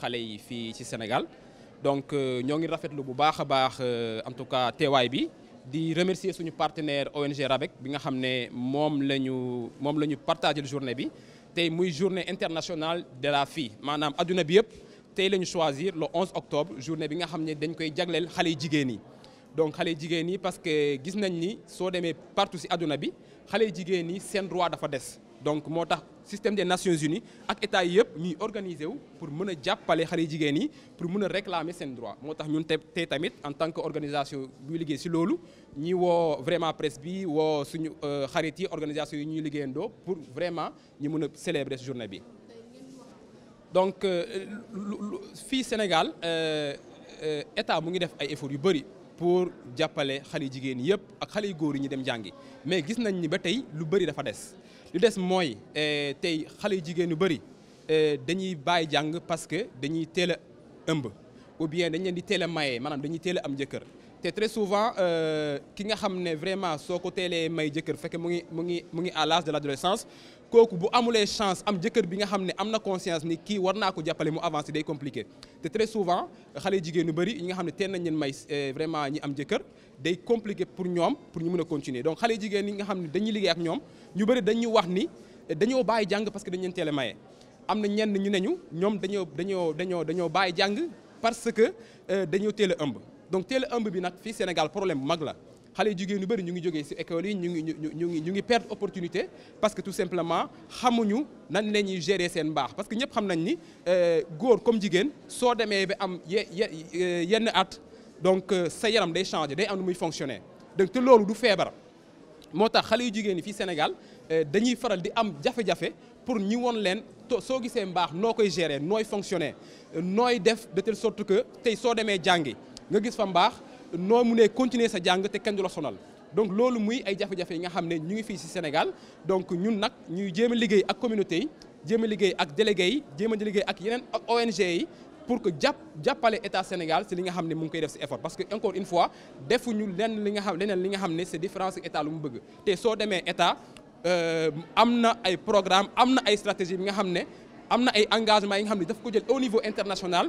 xale yi fii ci Sénégal donc euh, ñoo ngi rafetlu bu baax baax euh, en tout cas TYB, bi di remercier suñu partenaire ONG RABEC bi nga xam ne moom la ñu moom la journée bi tey muy journée internationale de la fille Madame Aduna bi yëpp tey la choisir le 11 octobre journée bi nga xam ne dañ koy jagleel donc xale jigéen parce que gis nañ ni soo demee partout ci Aduna bi xale jigéen yi seen droit dafa des donc moo système des Nations Unies ak état yi yëpp ñuy wu pour mën a jàppale xale ni yi pour mën a réclamer seen droit moo tax ñun tey tamit en tant que organisation buy liggéey ci loolu ñi woo vraiment presse bi woo suñu euh, xarit yi organisation yi ñuy liggéeyandoo pour vraiment ñu mën a célébrer cette journée bi. donc euh, fii Sénégal euh, état mu ngi def ay efforts yu bari pour jàppale xale jigéen yëpp ak xale yu góor yi ñu dem jàngi mais gis nañ ni ba tey lu bari dafa des. lu des mooy eh, tey xale yu jigéen yu bëri eh, dañuy bàyyi jàng parce que dañuy teel a ëmb ou bien dañ leen di teela a maye maanaam dañuy teel a am jëkkër te très souvent euh, ki nga xam ne vraiment soo ko teelee may jëkkër fekk mu ngi mu ngi mu ngi à l'âge de l'adolescence kooku bu amulee chance am jëkkër bi nga am na conscience ni qui war naa ko jàppale mu avancer day compliqué très souvent xale jigéen Nubari, binga ñi nga xam maïs nañ may euh, vraiment ñi am jëkkër day compliqué pour nyom, pour ñu mën continuer donc xale jigéen binga nga xam ne dañuy liggéey ak ñoom ñu bëri dañuy wax ni euh, dañoo parce que dañ tele teel a maye am na ñenn ñu ne ñu ñoom dañoo dañoo dañoo dañoo bàyyi parce que dañoo tele a ëmb donc tel un bébé bi nag fii Sénégal problème bu mag la xale jigéen ñu bëri ñu ngi jógee ci école yi ñu ngi ñu ngi ñu ngi perdre opportunité parce que tout simplement xamuñu nan ni ñuy gérer seen mbaax parce que ñëpp xam nañ ni euh, gour comme jigéen soo demee ba am ye euh, yenn at donc euh, sa yaram day changer day am nu muy fonctionner donc tout le du doit faire tax xale yu jigéen yi Sénégal dañuy faral di am jafé jafé pour ñu won leen soo gisee mbaax noo koy gérer nous fonctionner nous def de telle sorte que tey de mes jàngi nga gis fa no mu né continuer sa jang te kenn du la sonal donc lolu muy ay jafé jafé yi nga xamné ñu ngi fi ci Sénégal donc ñun nak ñuy jéem a liggéey ak communauté yi jéem a liggéey ak délégué yi jéem a liggéey ak yeneen ONG yi pour que japp jappalé état Sénégal ci li nga xamné mu ngi koy def ci effort parce que encore une fois defuñu lenn li nga xam leneen li nga xamné c'est différence état lu mu bëgg té so démé état euh amna ay programme amna ay stratégie nga xamné amna ay engagement yi nga xamné ne daf ko jël au niveau international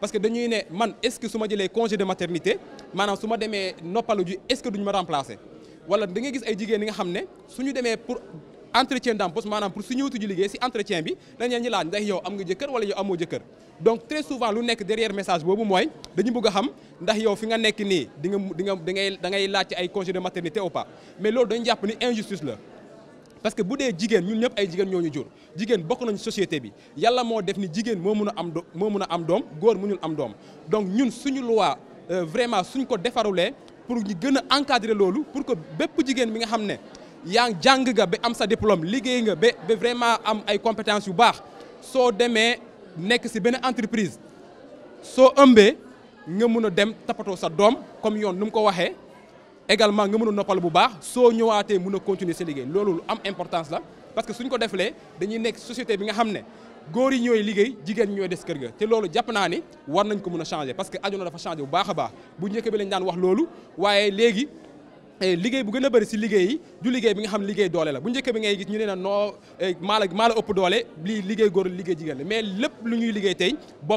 parce que dañuy ne man est-ce que su ma jëlee congé de maternité maanaam su ma demee noppalu ji est-ce que duñu ma remplacer wala da ngay gis ay jigéen yi nga xam ne suñu demee pour entretien d'embauche maanaam pour su ñëwtu ji liggéey si entretien bi dañ leen ñu laaj ndax yow am nga jëkkër wala yow amoo jëkkër donc très souvent lu nekk derrière message boobu mooy dañu bëgg a xam ndax yow fi nga nekk nii di nga di nga da ngay da ngay laaj ay congé de maternité ou pas mais loolu dañu jàpp ni injustice la parce que boudé jigen, jigéen ñun ñëpp ay jigéen ñoo ñu jur jigéen bokk nañu société bi Yalla mo def ni jigéen moo mun am do moo mun am dom, góor mënul am dom. donc ñun suñu loi euh, vraiment suñ ko défaroulé pour ñu gën encadrer loolu pour que bépp jigen bi nga xam ne yaa ngi jàng am sa diplôme liggéey nga be vraiment am ay compétences yu baax So demee nek si ben entreprise So ëmbee nga mun dem tapato sa dom, comme yoon nu mu ko waxee également nga mënu noppal bu baax so ñëwaaté continuer à loolu am importance la parce que suñ ko dañuy nek société bi nga xamné nous yi ñoy des loolu Nous avons war nañ ko parce que changé. dafa changer bu Nous baax bu avons bi lañ daan wax loolu avons changé. Eh, bu si yi du Nous bi nga xam avons doolé la bu changé. bi ngay gis ñu na Nous eh, mala mais lepp lu ñuy changé. Nous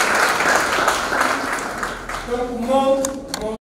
o mundo.